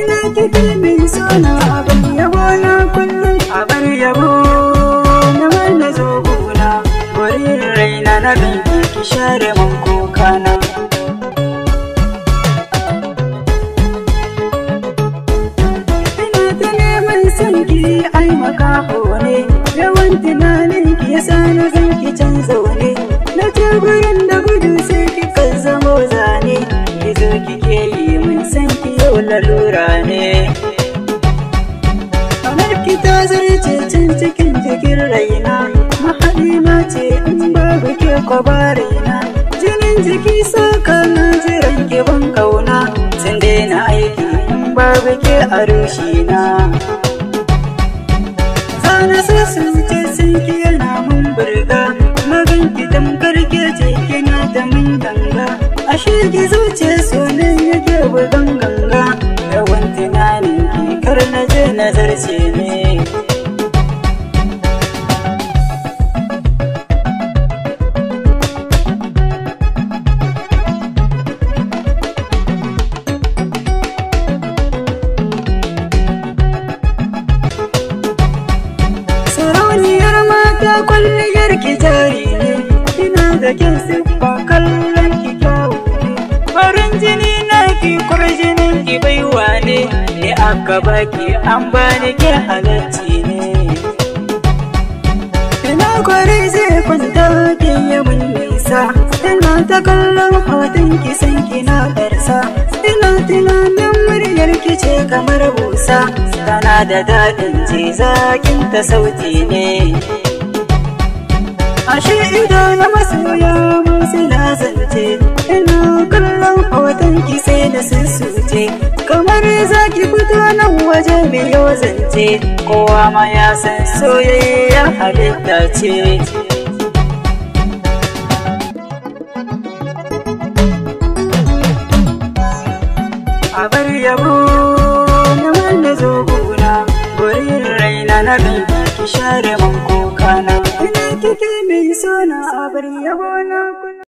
ina kike min na. abin yabo na kullum abar yabo na manna zoguna wurin raina na binki ki share mun kokana ina ta neman sanki ai makaho ne yawan tunanin ki yasa na zan ki canza wani na ce gurin da gudu sai ki ma ce in babu ke kwabare na jinin jiki sakanin jiran ke ban kauna sun daina aiki in babu ke a rushe na sana sai sun ce sun ke na mun burga magan ki tamkar ke ce da mun ganga ashe ki zuce sunan yake bugan ganga yawan tunanin ki na je nazarce ne kwalliyar ki jari ne kina da kin siffa kallon ki kyawu farin jini na ki kurjinin ki baiwa ne ne aka baki an bani ke halacci ne ina kwari zai kwanta ki yawan nisa ina ta kallon hoton ki san kina karsa ina tunanin muryar ki ce kamar busa tana da daɗin je zakin ta sauti ne ashe ido na masoya mun sila zance ina kallon hoton ki sai na sussuce kamar ki fito nan waje mai yau zance kowa ma ya san soyayya halitta ce bar yabo na wanda zo gona gurin raina na bibi ki share manko kike mai sona a bar yabo na